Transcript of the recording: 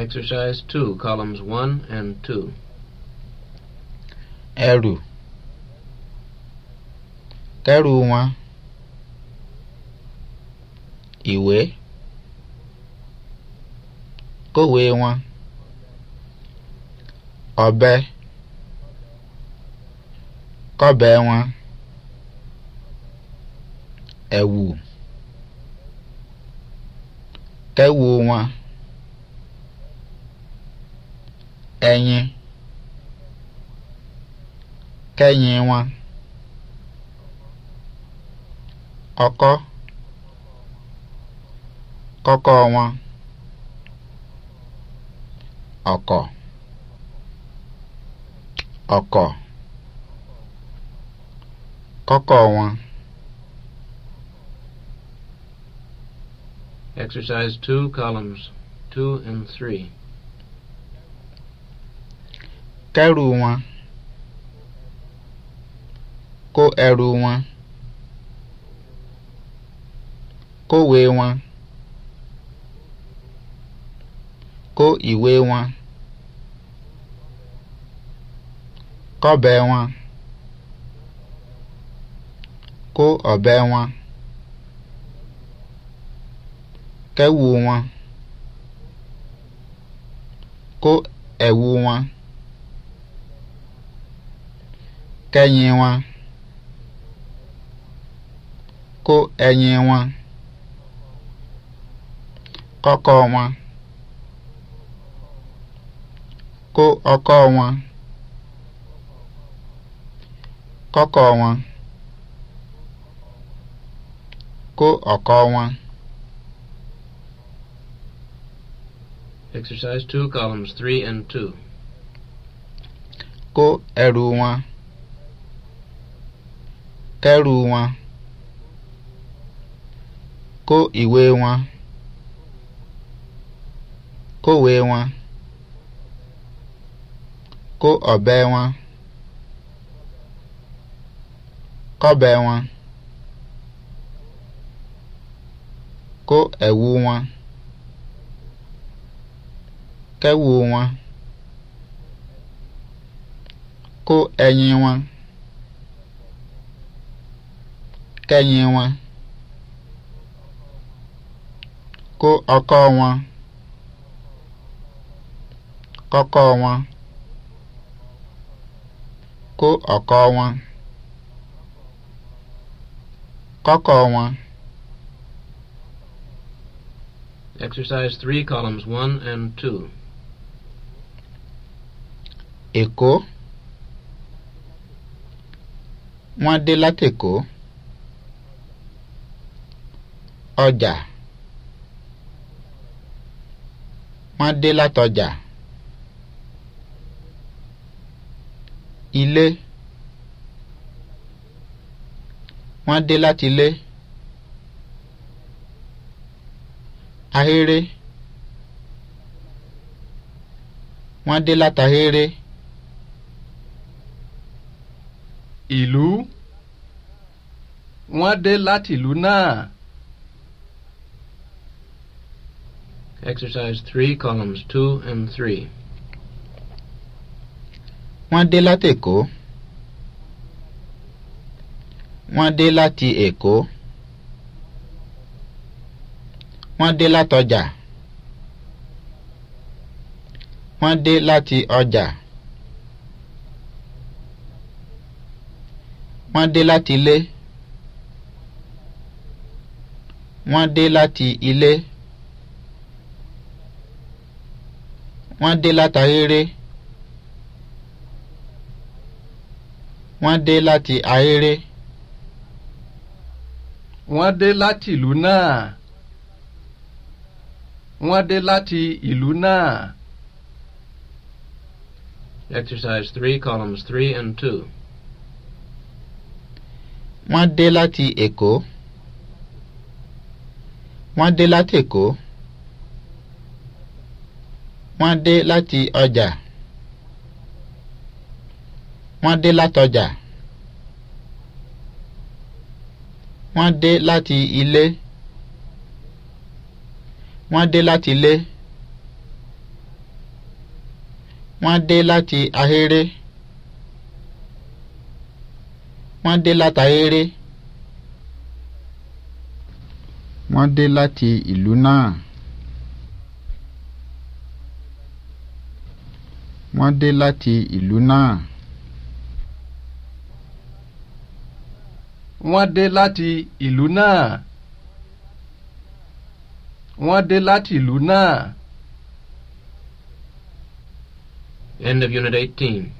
Exercise 2, columns 1 and 2. Ẹrù kẹ́rù one. ìwé kówé one. ọ̀bẹ kọ́bẹ one. ẹ̀wù kẹ́wù one. ẹyin kẹ́yin ọkọ kọ́kọ́ wọn ọkọ̀ ọkọ̀ kọ́kọ́ wọn. Exercise two columns two and three. kẹ́rù wọn kó ẹrù wọn kówé wọn kó ìwé wọn kọ́bẹ̀ wọn kó ọ̀bẹ wọn kẹ́wù wọn kó ẹ̀wù wọn. kẹ́yìn wọn kó ẹyin wọn kọ́kọ́ wọn kó ọkọ́ wọn kọ́kọ́ wọn kó ọ̀kọ́ wọn. Exercise two, columns three and two. Kó ẹrù kẹ́rù wọn kó ìwé wọn kówé wọn kó ọ̀bẹ wọn kọ́bẹ wọn kó ẹ̀wù wọn kẹ́wù wọn kó ẹyin wọn. kẹ́yìn wọn kó ọkọ wọn kọ́kọ́ wọn kó ọkọ wọn kọ́kọ́ wọn. Exercise three, columns one and two. Èkó. Wọ́n dé látèkó ọjà wọ́n dé látọjà ilé wọ́n dé láti ilé ahéré wọ́n dé látahéré ìlú wọ́n dé láti ìlú náà. Exercise 3, columns 2 and 3. Wọ́n dé láti Èkó. Wọ́n dé láti Èkó. Wọ́n dé látọjà. Wọ́n dé láti ọjà. Wọ́n dé láti ilé. Wọ́n dé láti ilé. wọ́n dé látayéré wọ́n dé láti ayéré. wọ́n dé láti ìlú náà. wọ́n dé láti ìlú náà. Exercise three columns three and two. wọ́n dé láti Èkó. wọ́n dé láti Èkó wọ́n dé láti ọjà. wọ́n dé látọjà. wọ́n dé láti ilé. wọ́n dé láti ilé. wọ́n dé láti ahéré. wọ́n dé láti ahéré. wọ́n dé láti ìlú náà. wọ́n dé láti ìlú náà. wọ́n dé láti ìlú náà. wọ́n dé láti ìlú náà. End of Unit 18.